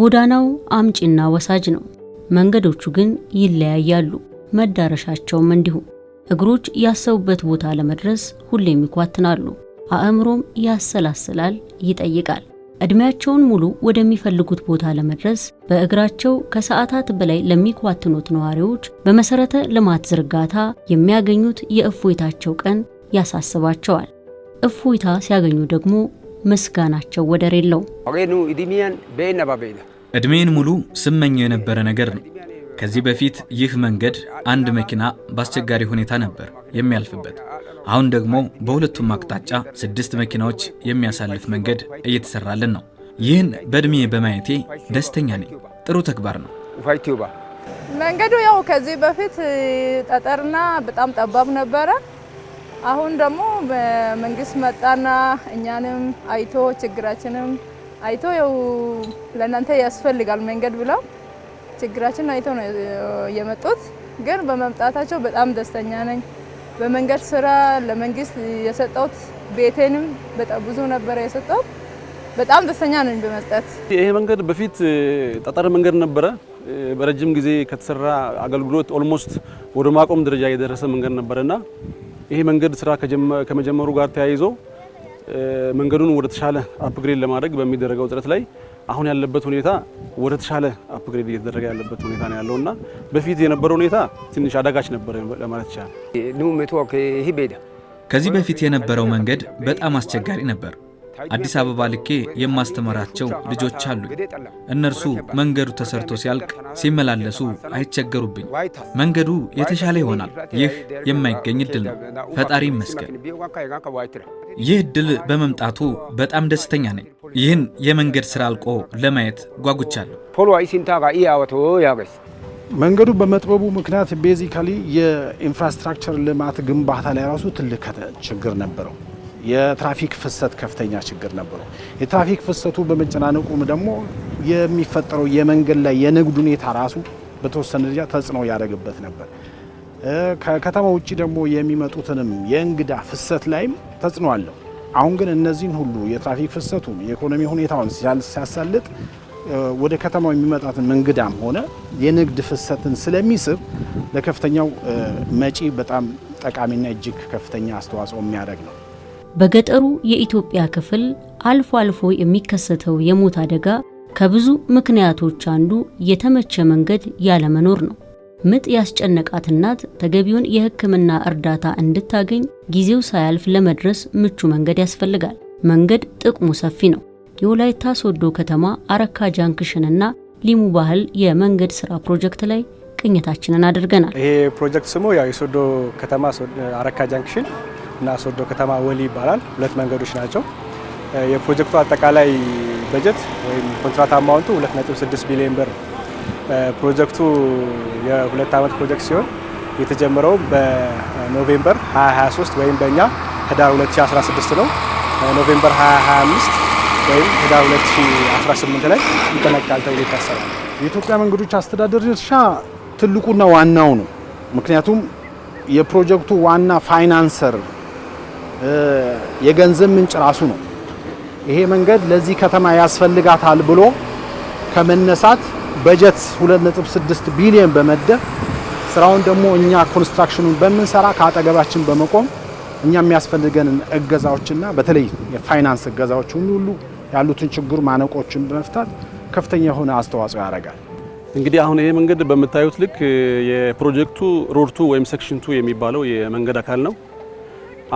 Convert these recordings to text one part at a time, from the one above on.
ጎዳናው አምጪና ወሳጅ ነው። መንገዶቹ ግን ይለያያሉ፣ መዳረሻቸውም እንዲሁ። እግሮች ያሰቡበት ቦታ ለመድረስ ሁሌም ይኳትናሉ። አእምሮም ያሰላስላል፣ ይጠይቃል። ዕድሜያቸውን ሙሉ ወደሚፈልጉት ቦታ ለመድረስ በእግራቸው ከሰዓታት በላይ ለሚኳትኑት ነዋሪዎች በመሰረተ ልማት ዝርጋታ የሚያገኙት የእፎይታቸው ቀን ያሳስባቸዋል። እፎይታ ሲያገኙ ደግሞ ምስጋናቸው ወደር የለውም። እድሜን ሙሉ ስመኘው የነበረ ነገር ነው። ከዚህ በፊት ይህ መንገድ አንድ መኪና በአስቸጋሪ ሁኔታ ነበር የሚያልፍበት። አሁን ደግሞ በሁለቱም አቅጣጫ ስድስት መኪናዎች የሚያሳልፍ መንገድ እየተሰራልን ነው። ይህን በእድሜ በማየቴ ደስተኛ ነኝ። ጥሩ ተግባር ነው። መንገዱ ያው ከዚህ በፊት ጠጠርና በጣም ጠባብ ነበረ። አሁን ደግሞ መንግስት መጣና እኛንም አይቶ ችግራችንም አይቶ ያው ለእናንተ ያስፈልጋል መንገድ ብለው ችግራችን አይቶ ነው የመጡት። ግን በመምጣታቸው በጣም ደስተኛ ነኝ። በመንገድ ስራ ለመንግስት የሰጠሁት ቤቴንም በጣም ብዙ ነበረ የሰጠሁት። በጣም ደስተኛ ነኝ በመስጠት። ይሄ መንገድ በፊት ጠጠር መንገድ ነበረ። በረጅም ጊዜ ከተሰራ አገልግሎት ኦልሞስት ወደ ማቆም ደረጃ የደረሰ መንገድ ነበረና ይሄ መንገድ ስራ ከመጀመሩ ጋር ተያይዞ መንገዱን ወደ ተሻለ አፕግሬድ ለማድረግ በሚደረገው ጥረት ላይ አሁን ያለበት ሁኔታ ወደ ተሻለ አፕግሬድ እየተደረገ ያለበት ሁኔታ ነው ያለው እና በፊት የነበረው ሁኔታ ትንሽ አዳጋች ነበረ ለማለት ይቻላል። ከዚህ በፊት የነበረው መንገድ በጣም አስቸጋሪ ነበር። አዲስ አበባ ልኬ የማስተምራቸው ልጆች አሉኝ። እነርሱ መንገዱ ተሰርቶ ሲያልቅ ሲመላለሱ አይቸገሩብኝ። መንገዱ የተሻለ ይሆናል። ይህ የማይገኝ እድል ነው። ፈጣሪ ይመስገን። ይህ እድል በመምጣቱ በጣም ደስተኛ ነኝ። ይህን የመንገድ ስራ አልቆ ለማየት ጓጉቻለሁ። መንገዱ በመጥበቡ ምክንያት ቤዚካሊ የኢንፍራስትራክቸር ልማት ግንባታ ላይ ራሱ ትልቅ ችግር ነበረው። የትራፊክ ፍሰት ከፍተኛ ችግር ነበረው። የትራፊክ ፍሰቱ በመጨናነቁም ደግሞ የሚፈጠረው የመንገድ ላይ የንግድ ሁኔታ ራሱ በተወሰነ ደረጃ ተጽዕኖ ያደረግበት ነበር። ከከተማ ውጭ ደግሞ የሚመጡትንም የእንግዳ ፍሰት ላይም ተጽዕኖ አለው። አሁን ግን እነዚህን ሁሉ የትራፊክ ፍሰቱን የኢኮኖሚ ሁኔታውን ሲያሳልጥ ወደ ከተማው የሚመጣትን እንግዳም ሆነ የንግድ ፍሰትን ስለሚስብ ለከፍተኛው መጪ በጣም ጠቃሚና እጅግ ከፍተኛ አስተዋጽኦ የሚያደርግ ነው። በገጠሩ የኢትዮጵያ ክፍል አልፎ አልፎ የሚከሰተው የሞት አደጋ ከብዙ ምክንያቶች አንዱ የተመቸ መንገድ ያለመኖር ነው። ምጥ ያስጨነቃት እናት ተገቢውን የሕክምና እርዳታ እንድታገኝ ጊዜው ሳያልፍ ለመድረስ ምቹ መንገድ ያስፈልጋል። መንገድ ጥቅሙ ሰፊ ነው። የወላይታ ሶዶ ከተማ አረካ ጃንክሽንና ሊሙ ባህል የመንገድ ስራ ፕሮጀክት ላይ ቅኝታችንን አድርገናል። ይሄ ፕሮጀክት ስሙ ያው የሶዶ ከተማ አረካ ጃንክሽን እና ሶዶ ከተማ ወሊ ይባላል። ሁለት መንገዶች ናቸው። የፕሮጀክቱ አጠቃላይ በጀት ወይም ኮንትራት አማውንቱ 2.6 ቢሊዮን ብር ፕሮጀክቱ የሁለት ዓመት ፕሮጀክት ሲሆን የተጀመረው በኖቬምበር 2023 ወይም በእኛ ህዳር 2016 ነው። ኖቬምበር 2025 ወይም ህዳር 2018 ላይ ይጠናቀቃል ተብሎ ይታሰባል። የኢትዮጵያ መንገዶች አስተዳደር ድርሻ ትልቁና ዋናው ነው። ምክንያቱም የፕሮጀክቱ ዋና ፋይናንሰር የገንዘብ ምንጭ ራሱ ነው። ይሄ መንገድ ለዚህ ከተማ ያስፈልጋታል ብሎ ከመነሳት በጀት 2.6 ቢሊዮን በመደብ ስራውን ደግሞ እኛ ኮንስትራክሽኑን በምንሰራ ከአጠገባችን በመቆም እኛ የሚያስፈልገንን እገዛዎችና በተለይ የፋይናንስ እገዛዎች ሁሉ ያሉትን ችግር ማነቆችን በመፍታት ከፍተኛ የሆነ አስተዋጽኦ ያደርጋል። እንግዲህ አሁን ይሄ መንገድ በምታዩት ልክ የፕሮጀክቱ ሮድቱ ወይም ሴክሽን ቱ የሚባለው የመንገድ አካል ነው።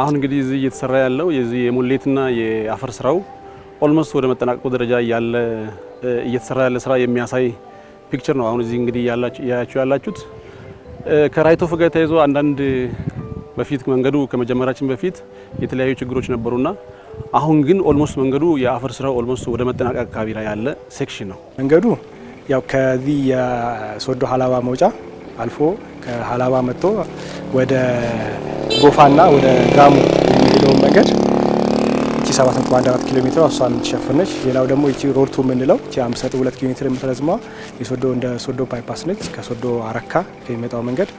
አሁን እንግዲህ እዚህ እየተሰራ ያለው የዚህ የሙሌትና የአፈር ስራው ኦልሞስት ወደ መጠናቀቁ ደረጃ ያለ እየተሰራ ያለ ስራ የሚያሳይ ፒክቸር ነው። አሁን እዚህ እንግዲህ እያያችሁ ያላችሁት ከራይቶፍ ተይዞ ተያይዞ አንዳንድ በፊት መንገዱ ከመጀመራችን በፊት የተለያዩ ችግሮች ነበሩና አሁን ግን ኦልሞስት መንገዱ የአፈር ስራው ኦልሞስት ወደ መጠናቀቅ አካባቢ ላይ ያለ ሴክሽን ነው። መንገዱ ያው ከዚህ የሶዶ ሀላባ መውጫ አልፎ ከሀላባ መጥቶ ወደ ጎፋና ወደ ጋሙ የሚሄደውን መንገድ እቺ 7.14 ኪሎ ሜትር እሷ የምትሸፍን ነች። ሌላው ደግሞ እቺ ሮርቱ የምንለው እቺ 52 ኪሎ ሜትር የምትረዝማ የሶዶ እንደ ሶዶ ባይፓስ ነች። ከሶዶ አረካ የሚመጣው መንገድ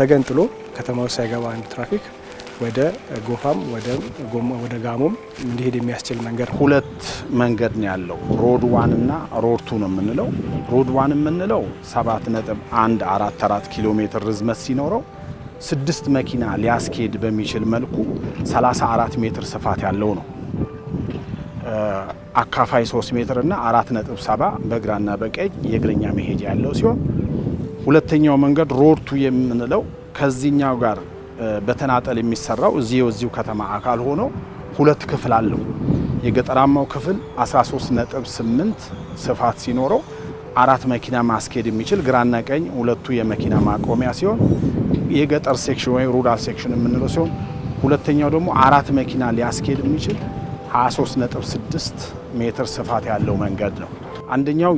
ተገንጥሎ ከተማ ውስጥ ሳይገባ አንድ ትራፊክ ወደ ጎፋም ወደ ጋሞም እንዲሄድ የሚያስችል መንገድ ሁለት መንገድ ነው ያለው። ሮድ ዋን እና ሮድ ቱ ነው የምንለው። ሮድ ዋን የምንለው ሰባት ነጥብ አንድ አራት አራት ኪሎ ሜትር ርዝመት ሲኖረው ስድስት መኪና ሊያስኬድ በሚችል መልኩ 34 ሜትር ስፋት ያለው ነው። አካፋይ 3 ሜትር እና 4.70 በግራና በቀኝ የእግረኛ መሄጃ ያለው ሲሆን ሁለተኛው መንገድ ሮድቱ የምንለው ከዚህኛው ጋር በተናጠል የሚሰራው እዚህ እዚሁ ከተማ አካል ሆኖ ሁለት ክፍል አለው። የገጠራማው ክፍል 13.8 ስፋት ሲኖረው አራት መኪና ማስኬድ የሚችል ግራና ቀኝ ሁለቱ የመኪና ማቆሚያ ሲሆን የገጠር ሴክሽን ወይም ሩራል ሴክሽን የምንለው ሲሆን ሁለተኛው ደግሞ አራት መኪና ሊያስኬድ የሚችል 23.6 ሜትር ስፋት ያለው መንገድ ነው። አንደኛው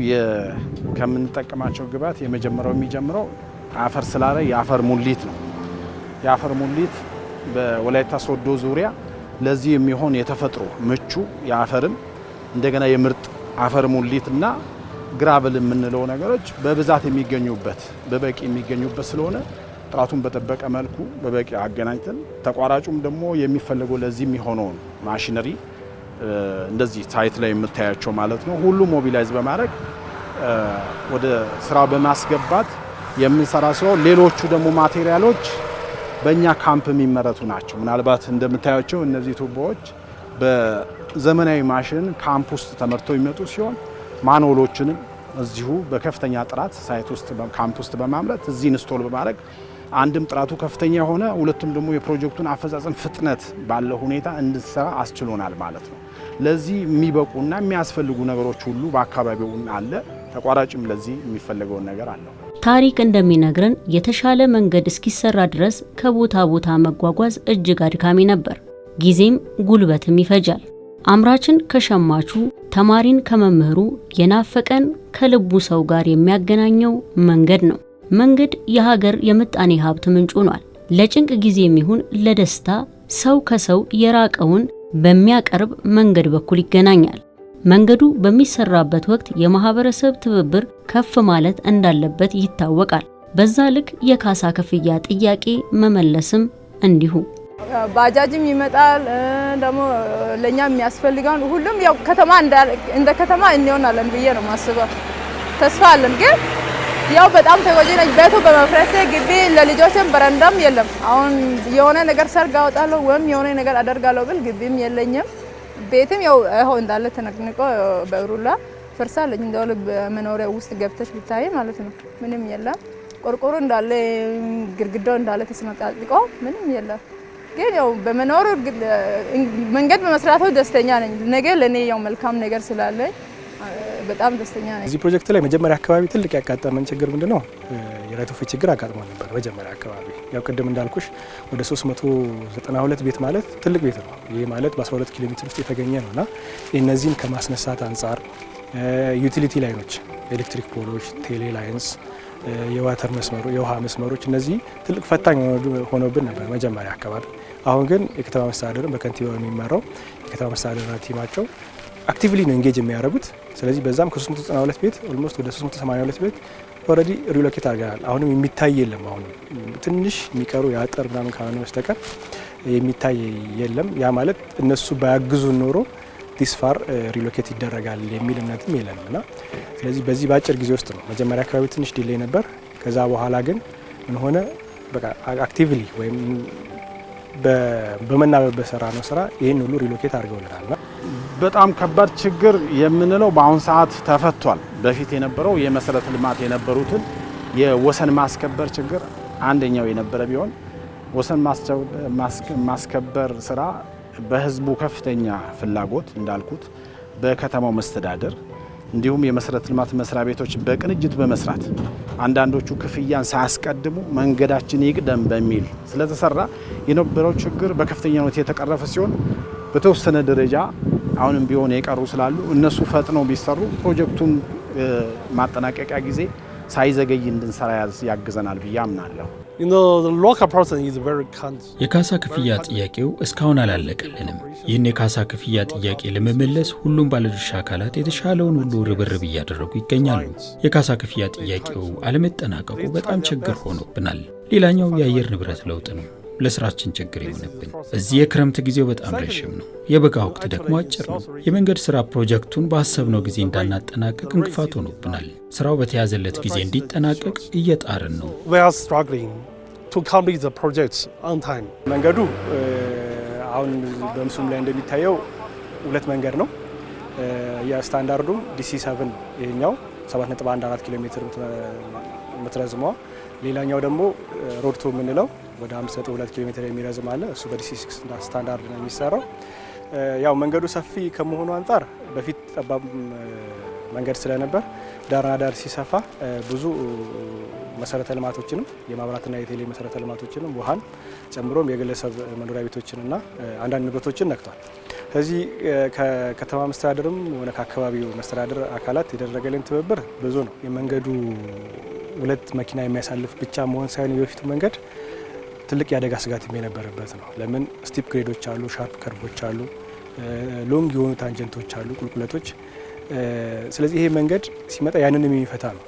ከምንጠቀማቸው ግብዓት የመጀመሪያው የሚጀምረው አፈር ስላለ የአፈር ሙሊት ነው። የአፈር ሙሊት በወላይታ ሶዶ ዙሪያ ለዚህ የሚሆን የተፈጥሮ ምቹ የአፈርም እንደገና የምርጥ አፈር ሙሊትና ግራብል የምንለው ነገሮች በብዛት የሚገኙበት በበቂ የሚገኙበት ስለሆነ ጥራቱን በጠበቀ መልኩ በበቂ አገናኝተን ተቋራጩም ደግሞ የሚፈልገው ለዚህ የሚሆነውን ማሽነሪ እንደዚህ ሳይት ላይ የምታያቸው ማለት ነው ሁሉ ሞቢላይዝ በማድረግ ወደ ስራ በማስገባት የምንሰራ ሲሆን ሌሎቹ ደግሞ ማቴሪያሎች በእኛ ካምፕ የሚመረቱ ናቸው። ምናልባት እንደምታያቸው እነዚህ ቱቦዎች በዘመናዊ ማሽን ካምፕ ውስጥ ተመርተው የሚመጡ ሲሆን ማኖሎችንም እዚሁ በከፍተኛ ጥራት ሳይት ውስጥ ካምፕ ውስጥ በማምረት እዚህ ኢንስቶል በማድረግ አንድም ጥራቱ ከፍተኛ የሆነ ሁለቱም ደግሞ የፕሮጀክቱን አፈጻጸም ፍጥነት ባለው ሁኔታ እንድንሰራ አስችሎናል ማለት ነው። ለዚህ የሚበቁና የሚያስፈልጉ ነገሮች ሁሉ በአካባቢው አለ። ተቋራጭም ለዚህ የሚፈለገውን ነገር አለው። ታሪክ እንደሚነግረን የተሻለ መንገድ እስኪሰራ ድረስ ከቦታ ቦታ መጓጓዝ እጅግ አድካሚ ነበር። ጊዜም ጉልበትም ይፈጃል። አምራችን ከሸማቹ፣ ተማሪን ከመምህሩ የናፈቀን ከልቡ ሰው ጋር የሚያገናኘው መንገድ ነው። መንገድ የሀገር የምጣኔ ሀብት ምንጭ ሆኗል። ለጭንቅ ጊዜም ይሁን ለደስታ ሰው ከሰው የራቀውን በሚያቀርብ መንገድ በኩል ይገናኛል። መንገዱ በሚሰራበት ወቅት የማህበረሰብ ትብብር ከፍ ማለት እንዳለበት ይታወቃል። በዛ ልክ የካሳ ክፍያ ጥያቄ መመለስም እንዲሁ ባጃጅም ይመጣል። ደግሞ ለእኛ የሚያስፈልገውን ሁሉም ያው ከተማ እንደ ከተማ እንሆናለን ብዬ ነው ማስበው። ተስፋ አለን ግን ያው በጣም ተጎጂ ነኝ። ቤቱ በመፍረሴ ግቢ ለልጆችም በረንዳም የለም። አሁን የሆነ ነገር ሰርግ አወጣለሁ ወይም የሆነ ነገር አደርጋለሁ ብል ግቢም የለኝም። ቤትም ያው ይኸው እንዳለ ተነቅንቆ በሩላ ፈርሳለች። እንደው በመኖሪያ ውስጥ ገብተች ብታይ ማለት ነው ምንም የለም። ቆርቆሮ እንዳለ ግድግዳው እንዳለ ተሰነጣጥቆ ምንም የለም። ግን ያው በመኖሩ መንገድ በመስራቱ ደስተኛ ነኝ። ነገ ለእኔ ያው መልካም ነገር ስላለኝ በጣም ደስተኛ ነኝ። እዚህ ፕሮጀክት ላይ መጀመሪያ አካባቢ ትልቅ ያጋጠመን ችግር ምንድን ነው? የራይቶፌ ችግር አጋጥሞ ነበር መጀመሪያ አካባቢ። ያው ቅድም እንዳልኩሽ ወደ 392 ቤት ማለት ትልቅ ቤት ነው። ይህ ማለት በ12 ኪሎ ሜትር ውስጥ የተገኘ ነው እና እነዚህን ከማስነሳት አንጻር ዩቲሊቲ ላይኖች፣ ኤሌክትሪክ ፖሎች፣ ቴሌ ላይንስ የዋተር መስመሮ የውሃ መስመሮች እነዚህ ትልቅ ፈታኝ ሆነብን ነበር መጀመሪያ አካባቢ። አሁን ግን የከተማ መስተዳደርን በከንቲባ የሚመራው የከተማ መስተዳደርና ቲማቸው አክቲቭሊ ነው ኢንጌጅ የሚያደርጉት። ስለዚህ በዛም ከ392 ቤት ኦልሞስት ወደ 382 ቤት ኦልሬዲ ሪሎኬት አድርገናል። አሁንም የሚታይ የለም። አሁንም ትንሽ የሚቀሩ የአጥር ምናምን ካልሆነ በስተቀር የሚታይ የለም። ያ ማለት እነሱ ባያግዙን ኖሮ ዲስፋር ሪሎኬት uh, ይደረጋል የሚል እምነትም የለም እና ስለዚህ በዚህ በአጭር ጊዜ ውስጥ ነው። መጀመሪያ አካባቢ ትንሽ ዲሌይ ነበር። ከዛ በኋላ ግን ምን ሆነ በቃ አክቲቭሊ ወይም በመናበብ በሰራ ነው ስራ ይህን ሁሉ ሪሎኬት አድርገውልናል። በጣም ከባድ ችግር የምንለው በአሁን ሰዓት ተፈቷል። በፊት የነበረው የመሰረተ ልማት የነበሩትን የወሰን ማስከበር ችግር አንደኛው የነበረ ቢሆን ወሰን ማስከበር ስራ በህዝቡ ከፍተኛ ፍላጎት እንዳልኩት በከተማው መስተዳደር እንዲሁም የመሰረተ ልማት መስሪያ ቤቶች በቅንጅት በመስራት አንዳንዶቹ ክፍያን ሳያስቀድሙ መንገዳችን ይቅደም በሚል ስለተሰራ የነበረው ችግር በከፍተኛ ሁኔታ የተቀረፈ ሲሆን በተወሰነ ደረጃ አሁንም ቢሆን የቀሩ ስላሉ እነሱ ፈጥነው ቢሰሩ ፕሮጀክቱን ማጠናቀቂያ ጊዜ ሳይዘገይ እንድንሰራ ያግዘናል ብዬ አምናለሁ። የካሳ ክፍያ ጥያቄው እስካሁን አላለቀልንም። ይህን የካሳ ክፍያ ጥያቄ ለመመለስ ሁሉም ባለድርሻ አካላት የተሻለውን ሁሉ ርብርብ እያደረጉ ይገኛሉ። የካሳ ክፍያ ጥያቄው አለመጠናቀቁ በጣም ችግር ሆኖብናል። ሌላኛው የአየር ንብረት ለውጥ ነው። ለስራችን ችግር የሆነብን። እዚህ የክረምት ጊዜው በጣም ረሽም ነው፣ የበጋ ወቅት ደግሞ አጭር ነው። የመንገድ ስራ ፕሮጀክቱን በአሰብነው ጊዜ እንዳናጠናቀቅ እንቅፋት ሆኖብናል። ስራው በተያዘለት ጊዜ እንዲጠናቀቅ እየጣርን ነው። መንገዱ አሁን በምስሉ ላይ እንደሚታየው ሁለት መንገድ ነው። የስታንዳርዱም ዲሲ ሰብን ይሄኛው 7.14 ኪሎ ሜትር የምትረዝመው ሌላኛው ደግሞ ሮድቶ የምንለው ወደ 52 ኪሎ ሜትር የሚረዝም አለ። እሱ በዲሲ ሲክስ ስታንዳርድ ነው የሚሰራው። ያው መንገዱ ሰፊ ከመሆኑ አንጻር በፊት ጠባብ መንገድ ስለነበር ዳርና ዳር ሲሰፋ ብዙ መሰረተ ልማቶችንም የማብራትና የቴሌ መሰረተ ልማቶችንም ውሃን ጨምሮም የግለሰብ መኖሪያ ቤቶችንና አንዳንድ ንብረቶችን ነክቷል። ከዚህ ከከተማ መስተዳደርም ሆነ ከአካባቢው መስተዳደር አካላት የደረገልን ትብብር ብዙ ነው። የመንገዱ ሁለት መኪና የሚያሳልፍ ብቻ መሆን ሳይሆን የበፊቱ መንገድ ትልቅ የአደጋ ስጋት የነበረበት ነው። ለምን ስቲፕ ግሬዶች አሉ፣ ሻርፕ ከርቦች አሉ፣ ሎንግ የሆኑ ታንጀንቶች አሉ፣ ቁልቁለቶች። ስለዚህ ይሄ መንገድ ሲመጣ ያንን የሚፈታ ነው።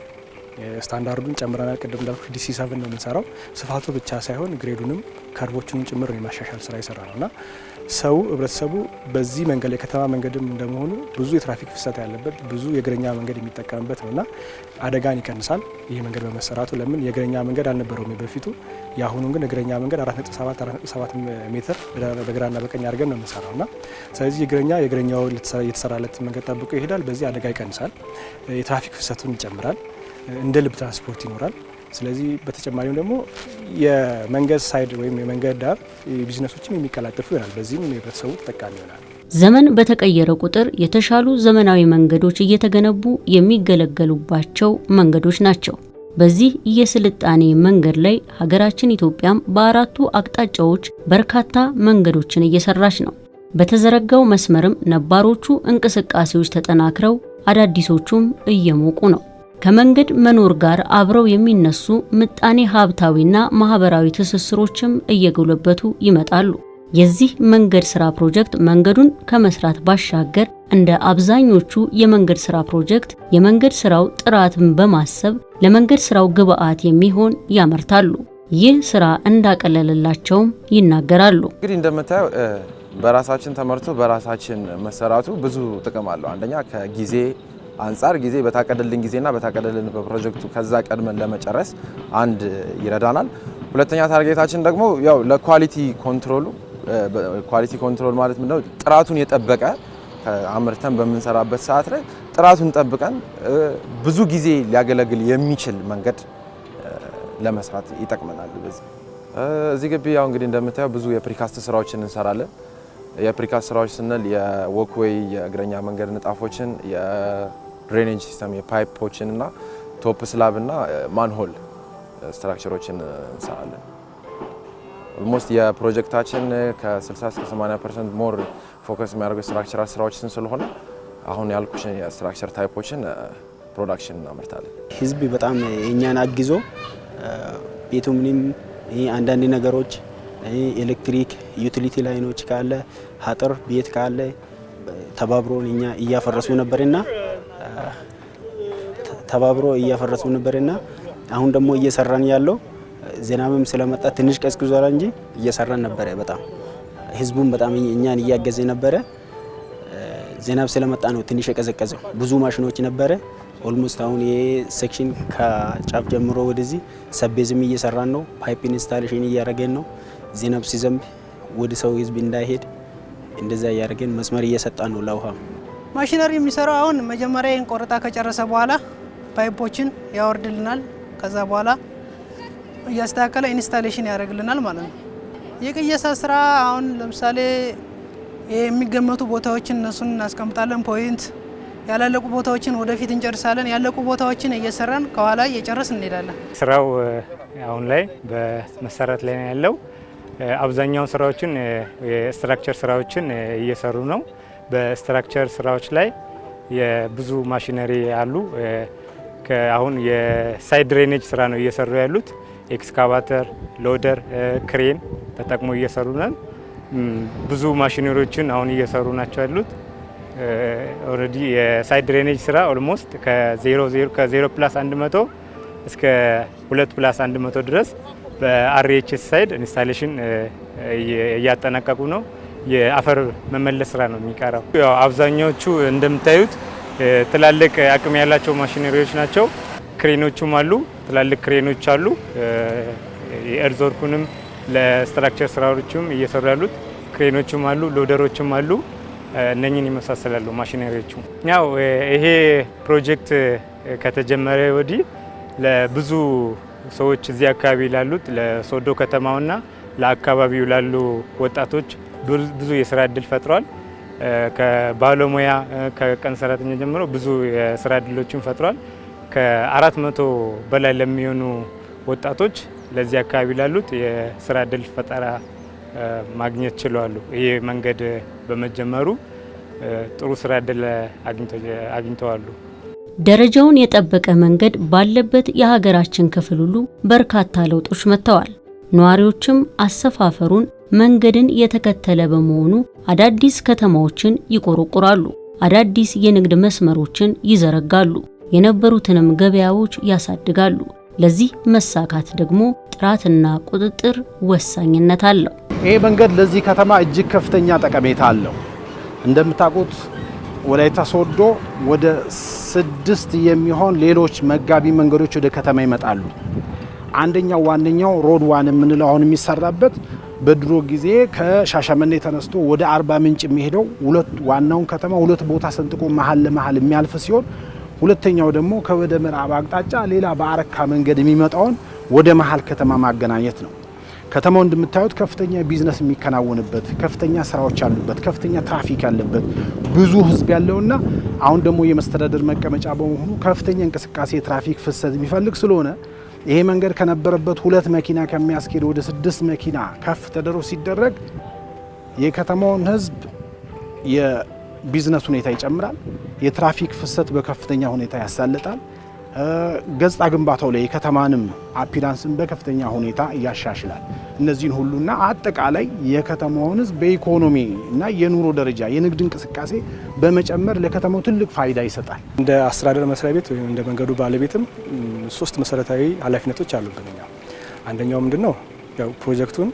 ስታንዳርዱን ጨምረናል። ቅድም እንዳልኩ ዲሲ ሰብን ነው የምንሰራው። ስፋቱ ብቻ ሳይሆን ግሬዱንም ከርቦቹንም ጭምር የማሻሻል ስራ ነው እና ሰው ህብረተሰቡ በዚህ መንገድ የከተማ መንገድም እንደመሆኑ ብዙ የትራፊክ ፍሰት ያለበት ብዙ የእግረኛ መንገድ የሚጠቀምበት ነው እና አደጋን ይቀንሳል። ይህ መንገድ በመሰራቱ ለምን የእግረኛ መንገድ አልነበረውም በፊቱ። የአሁኑ ግን እግረኛ መንገድ 47 ሜትር በግራና በቀኝ አድርገን ነው የምንሰራው እና ስለዚህ እግረኛ የእግረኛው የተሰራለት መንገድ ጠብቆ ይሄዳል። በዚህ አደጋ ይቀንሳል። የትራፊክ ፍሰቱን ይጨምራል። እንደ ልብ ትራንስፖርት ይኖራል። ስለዚህ በተጨማሪም ደግሞ የመንገድ ሳይድ ወይም የመንገድ ዳር ቢዝነሶችም የሚቀላጠፉ ይሆናል። በዚህም የህብረተሰቡ ተጠቃሚ ይሆናል። ዘመን በተቀየረ ቁጥር የተሻሉ ዘመናዊ መንገዶች እየተገነቡ የሚገለገሉባቸው መንገዶች ናቸው። በዚህ የስልጣኔ መንገድ ላይ ሀገራችን ኢትዮጵያም በአራቱ አቅጣጫዎች በርካታ መንገዶችን እየሰራች ነው። በተዘረጋው መስመርም ነባሮቹ እንቅስቃሴዎች ተጠናክረው አዳዲሶቹም እየሞቁ ነው። ከመንገድ መኖር ጋር አብረው የሚነሱ ምጣኔ ሀብታዊና ማህበራዊ ትስስሮችም እየጎለበቱ ይመጣሉ። የዚህ መንገድ ስራ ፕሮጀክት መንገዱን ከመስራት ባሻገር እንደ አብዛኞቹ የመንገድ ስራ ፕሮጀክት የመንገድ ስራው ጥራትን በማሰብ ለመንገድ ስራው ግብአት የሚሆን ያመርታሉ። ይህ ስራ እንዳቀለለላቸውም ይናገራሉ። እንግዲህ እንደምታየው በራሳችን ተመርቶ በራሳችን መሰራቱ ብዙ ጥቅም አለው። አንደኛ ከጊዜ አንጻር ጊዜ በታቀደልን ጊዜና በታቀደልን በፕሮጀክቱ ከዛ ቀድመን ለመጨረስ አንድ ይረዳናል። ሁለተኛ ታርጌታችን ደግሞ ያው ለኳሊቲ ኮንትሮሉ ኳሊቲ ኮንትሮል ማለት ምንድነው? ጥራቱን የጠበቀ አምርተን በምንሰራበት ሰዓት ላይ ጥራቱን ጠብቀን ብዙ ጊዜ ሊያገለግል የሚችል መንገድ ለመስራት ይጠቅመናል። በዚህ እዚህ ግቢ ያው እንግዲህ እንደምታየው ብዙ የፕሪካስት ስራዎችን እንሰራለን። የፕሪካስት ስራዎች ስንል የወክዌይ፣ የእግረኛ መንገድ ንጣፎችን ድሬኔጅ ሲስተም የፓይፖችን እና ቶፕ ስላብ እና ማንሆል ስትራክቸሮችን እንሰራለን። ኦልሞስት የፕሮጀክታችን ከ60 እስከ 80 ፐርሰንት ሞር ፎከስ የሚያደርገው ስትራክቸራል ስራዎችን ስለሆነ አሁን ያልኩሽን የስትራክቸር ታይፖችን ፕሮዳክሽን እናመርታለን። ህዝብ በጣም የእኛን አግዞ ቤቱ ምንም አንዳንድ ነገሮች ኤሌክትሪክ ዩቲሊቲ ላይኖች ካለ ሀጥር ቤት ካለ ተባብሮን እኛ እያፈረሱ ነበርና ተባብሮ እያፈረሱ ነበርና አሁን ደግሞ እየሰራን ያለው ዜናምም ስለመጣ ትንሽ ቀዝቅዟል እንጂ እየሰራን ነበረ። በጣም ህዝቡም በጣም እኛን እያገዘ ነበረ። ዜናብ ስለመጣ ነው ትንሽ የቀዘቀዘው። ብዙ ማሽኖች ነበረ። ኦልሞስት አሁን ይሄ ሴክሽን ከጫፍ ጀምሮ ወደዚህ ሰቤዝም እየሰራን ነው። ፓይፕ ኢንስታሌሽን እያደረገን ነው። ዜናብ ሲዘንብ ወደ ሰው ህዝብ እንዳይሄድ እንደዛ እያደረገን መስመር እየሰጣ ነው ለውሃ ማሽነሪ የሚሰራው አሁን መጀመሪያ ይህን ቆረጣ ከጨረሰ በኋላ ፓይፖችን ያወርድልናል። ከዛ በኋላ እያስተካከለ ኢንስታሌሽን ያደርግልናል ማለት ነው። የቅየሳ ስራ አሁን ለምሳሌ የሚገመቱ ቦታዎችን እነሱን እናስቀምጣለን። ፖይንት ያላለቁ ቦታዎችን ወደፊት እንጨርሳለን። ያለቁ ቦታዎችን እየሰራን ከኋላ እየጨረስ እንሄዳለን። ስራው አሁን ላይ በመሰረት ላይ ነው ያለው። አብዛኛውን ስራዎችን የስትራክቸር ስራዎችን እየሰሩ ነው። በስትራክቸር ስራዎች ላይ የብዙ ማሽነሪ አሉ። አሁን የሳይድ ድሬኔጅ ስራ ነው እየሰሩ ያሉት። ኤክስካቫተር፣ ሎደር፣ ክሬን ተጠቅሞ እየሰሩ ነን። ብዙ ማሽነሪዎችን አሁን እየሰሩ ናቸው ያሉት። ኦልሬዲ የሳይድ ድሬኔጅ ስራ ኦልሞስት ከዜሮ ፕላስ 100 እስከ 2 ፕላስ 100 ድረስ በአርኤችኤስ ሳይድ ኢንስታሌሽን እያጠናቀቁ ነው። የአፈር መመለስ ስራ ነው የሚቀረው። አብዛኛዎቹ እንደምታዩት ትላልቅ አቅም ያላቸው ማሽነሪዎች ናቸው። ክሬኖቹም አሉ፣ ትላልቅ ክሬኖች አሉ። የእርዞርኩንም ለስትራክቸር ስራዎችም እየሰሩ ያሉት ክሬኖችም አሉ፣ ሎደሮችም አሉ። እነኝን ይመሳሰላሉ ማሽነሪዎቹ። ያው ይሄ ፕሮጀክት ከተጀመረ ወዲህ ለብዙ ሰዎች እዚህ አካባቢ ላሉት ለሶዶ ከተማውና ለአካባቢው ላሉ ወጣቶች ብዙ የስራ እድል ፈጥሯል። ከባለሙያ ከቀን ሰራተኛ ጀምሮ ብዙ የስራ እድሎችን ፈጥሯል። ከአራት መቶ በላይ ለሚሆኑ ወጣቶች ለዚህ አካባቢ ላሉት የስራ እድል ፈጠራ ማግኘት ችለዋሉ። ይህ መንገድ በመጀመሩ ጥሩ ስራ እድል አግኝተዋሉ። ደረጃውን የጠበቀ መንገድ ባለበት የሀገራችን ክፍል ሁሉ በርካታ ለውጦች መጥተዋል። ነዋሪዎችም አሰፋፈሩን መንገድን የተከተለ በመሆኑ አዳዲስ ከተማዎችን ይቆረቁራሉ፣ አዳዲስ የንግድ መስመሮችን ይዘረጋሉ፣ የነበሩትንም ገበያዎች ያሳድጋሉ። ለዚህ መሳካት ደግሞ ጥራትና ቁጥጥር ወሳኝነት አለው። ይሄ መንገድ ለዚህ ከተማ እጅግ ከፍተኛ ጠቀሜታ አለው። እንደምታውቁት ወላይታ ሶዶ ወደ ስድስት የሚሆን ሌሎች መጋቢ መንገዶች ወደ ከተማ ይመጣሉ። አንደኛው ዋነኛው ሮድ ዋን የምንለው አሁን የሚሰራበት በድሮ ጊዜ ከሻሸመኔ ተነስቶ ወደ አርባ ምንጭ የሚሄደው ሁለት ዋናውን ከተማ ሁለት ቦታ ሰንጥቆ መሀል ለመሀል የሚያልፍ ሲሆን ሁለተኛው ደግሞ ከወደ ምዕራብ አቅጣጫ ሌላ በአረካ መንገድ የሚመጣውን ወደ መሀል ከተማ ማገናኘት ነው። ከተማው እንደምታዩት ከፍተኛ ቢዝነስ የሚከናወንበት፣ ከፍተኛ ስራዎች ያሉበት፣ ከፍተኛ ትራፊክ ያለበት፣ ብዙ ህዝብ ያለውና አሁን ደግሞ የመስተዳደር መቀመጫ በመሆኑ ከፍተኛ እንቅስቃሴ ትራፊክ ፍሰት የሚፈልግ ስለሆነ ይሄ መንገድ ከነበረበት ሁለት መኪና ከሚያስኬድ ወደ ስድስት መኪና ከፍ ተደሮ ሲደረግ የከተማውን ህዝብ የቢዝነስ ሁኔታ ይጨምራል። የትራፊክ ፍሰት በከፍተኛ ሁኔታ ያሳልጣል። ገጽታ ግንባታው ላይ የከተማንም አፒራንስን በከፍተኛ ሁኔታ ያሻሽላል። እነዚህን ሁሉና አጠቃላይ የከተማውን ሕዝብ በኢኮኖሚ እና የኑሮ ደረጃ የንግድ እንቅስቃሴ በመጨመር ለከተማው ትልቅ ፋይዳ ይሰጣል። እንደ አስተዳደር መስሪያ ቤት ወይም እንደ መንገዱ ባለቤትም ሶስት መሰረታዊ ኃላፊነቶች አሉብን። አንደኛው ምንድን ነው? ያው ፕሮጀክቱን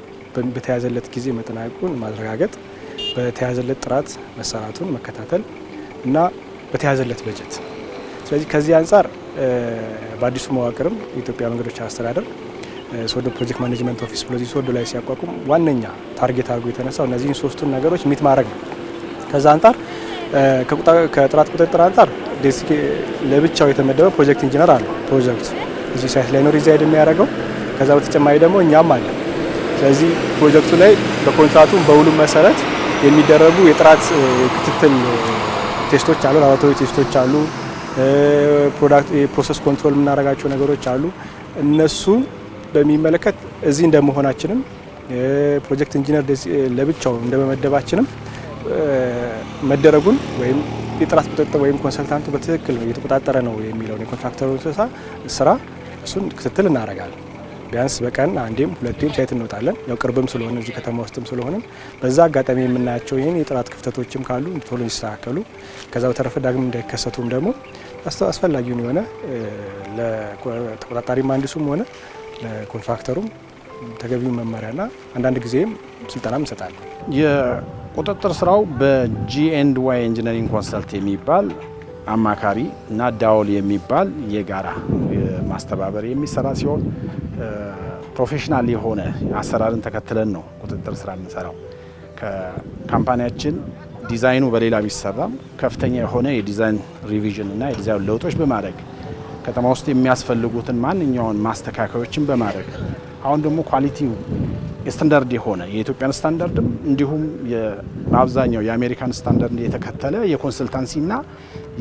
በተያዘለት ጊዜ መጠናቀቁን ማረጋገጥ፣ በተያዘለት ጥራት መሰራቱን መከታተል እና በተያዘለት በጀት። ስለዚህ ከዚህ አንጻር በአዲሱ መዋቅርም የኢትዮጵያ መንገዶች አስተዳደር ሶዶ ፕሮጀክት ማኔጅመንት ኦፊስ ብሎ ብሎዚህ ሶዶ ላይ ሲያቋቁም ዋነኛ ታርጌት አድርጎ የተነሳው እነዚህን ሶስቱን ነገሮች ሚት ማድረግ ነው። ከዛ አንጻር ከጥራት ቁጥጥር አንጻር ዴስክ ለብቻው የተመደበ ፕሮጀክት ኢንጂነር አለ። ፕሮጀክት እዚህ ሳይት ላይ ነው ሪዛይድ የሚያደርገው። ከዛ በተጨማሪ ደግሞ እኛም አለ። ስለዚህ ፕሮጀክቱ ላይ በኮንትራቱም በውሉም መሰረት የሚደረጉ የጥራት ክትትል ቴስቶች አሉ፣ ላቦራቶሪ ቴስቶች አሉ። ፕሮዳክት የፕሮሰስ ኮንትሮል የምናደርጋቸው ነገሮች አሉ። እነሱን በሚመለከት እዚህ እንደመሆናችንም ፕሮጀክት ኢንጂነር ለብቻው እንደመመደባችንም መደረጉን ወይም የጥራት ቁጥጥር ወይም ኮንሰልታንቱ በትክክል እየተቆጣጠረ ነው የሚለውን የኮንትራክተሩ ስራ እሱን ክትትል እናደርጋለን። ቢያንስ በቀን አንዴም ሁለቴም ሳይት እንወጣለን። ያው ቅርብም ስለሆነ እዚህ ከተማ ውስጥም ስለሆነም በዛ አጋጣሚ የምናያቸው ይህን የጥራት ክፍተቶችም ካሉ ቶሎ ይስተካከሉ፣ ከዛ በተረፈ ዳግም እንዳይከሰቱም ደግሞ አስፈላጊውን የሆነ ለተቆጣጣሪ መሀንዲሱም ሆነ ለኮንትራክተሩም ተገቢው መመሪያና አንዳንድ ጊዜም ስልጠናም እንሰጣለን። የቁጥጥር ስራው በጂኤንድ ዋይ ኢንጂነሪንግ ኮንሰልት የሚባል አማካሪ እና ዳውል የሚባል የጋራ ማስተባበር የሚሰራ ሲሆን ፕሮፌሽናል የሆነ አሰራርን ተከትለን ነው ቁጥጥር ስራ የምንሰራው። ከካምፓኒያችን ዲዛይኑ በሌላ ቢሰራም ከፍተኛ የሆነ የዲዛይን ሪቪዥን እና የዲዛይን ለውጦች በማድረግ ከተማ ውስጥ የሚያስፈልጉትን ማንኛውን ማስተካከዮችን በማድረግ አሁን ደግሞ ኳሊቲው ስታንዳርድ የሆነ የኢትዮጵያን ስታንዳርድም እንዲሁም በአብዛኛው የአሜሪካን ስታንዳርድ የተከተለ የኮንሰልታንሲና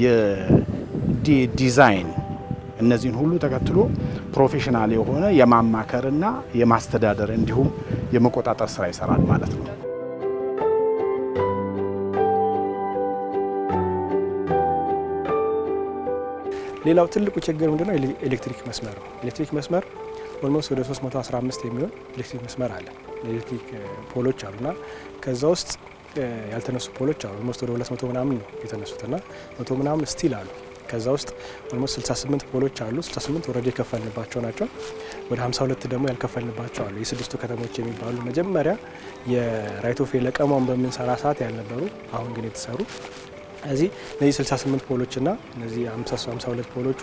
የዲዛይን እነዚህን ሁሉ ተከትሎ ፕሮፌሽናል የሆነ የማማከርና የማስተዳደር እንዲሁም የመቆጣጠር ስራ ይሰራል ማለት ነው። ሌላው ትልቁ ችግር ነው ኤሌክትሪክ መስመር ነው። ኤሌክትሪክ መስመር ኦልሞስት ወደ 315 የሚሆን ኤሌክትሪክ መስመር አለ። ኤሌክትሪክ ፖሎች አሉና ከዛ ውስጥ ያልተነሱ ፖሎች አሉ። ኦልሞስት ወደ 200 ምናምን ነው የተነሱትና መቶ ምናምን ስቲል አሉ። ከዛ ውስጥ ኦልሞስት 68 ፖሎች አሉ። 68 ወረዳ የከፈልንባቸው ናቸው። ወደ 52 ደግሞ ያልከፈልንባቸው አሉ። የስድስቱ ከተሞች የሚባሉ መጀመሪያ የራይት ኦፍ በምንሰራ ሰዓት ያልነበሩ አሁን ግን የተሰሩ እዚህ እነዚህ 68 ፖሎችና እነዚህ 52 ፖሎቹ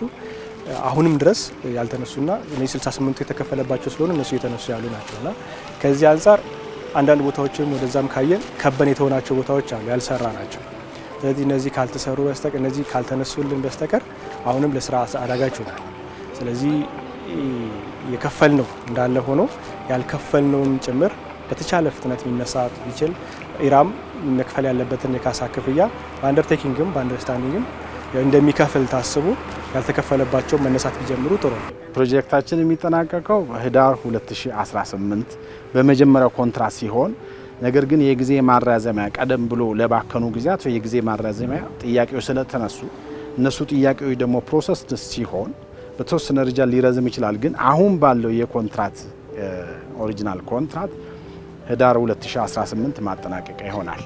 አሁንም ድረስ ያልተነሱና እነዚህ 68ቱ የተከፈለባቸው ስለሆነ እነሱ እየተነሱ ያሉ ናቸውና ከዚህ አንጻር አንዳንድ ቦታዎችም ወደዛም ካየን ከበን የተሆናቸው ቦታዎች አሉ ያልሰራ ናቸው። ስለዚህ እነዚህ ካልተሰሩ በስተቀር እነዚህ ካልተነሱልን በስተቀር አሁንም ለስራ አዳጋች ይሆናል። ስለዚህ የከፈል ነው እንዳለ ሆኖ ያልከፈልነውን ጭምር በተቻለ ፍጥነት የሚነሳ ቢችል ኢራም መክፈል ያለበትን የካሳ ክፍያ በአንደርቴኪንግም በአንደርስታንዲንግም እንደሚከፍል ታስቡ ያልተከፈለባቸው መነሳት ቢጀምሩ ጥሩ ነው። ፕሮጀክታችን የሚጠናቀቀው ህዳር 2018 በመጀመሪያው ኮንትራት ሲሆን ነገር ግን የጊዜ ማራዘሚያ ቀደም ብሎ ለባከኑ ጊዜያት የጊዜ ማራዘሚያ ጥያቄዎች ስለተነሱ እነሱ ጥያቄዎች ደግሞ ፕሮሰስ ሲሆን በተወሰነ ደረጃ ሊረዝም ይችላል። ግን አሁን ባለው የኮንትራት ኦሪጂናል ኮንትራት ህዳር 2018 ማጠናቀቂያ ይሆናል።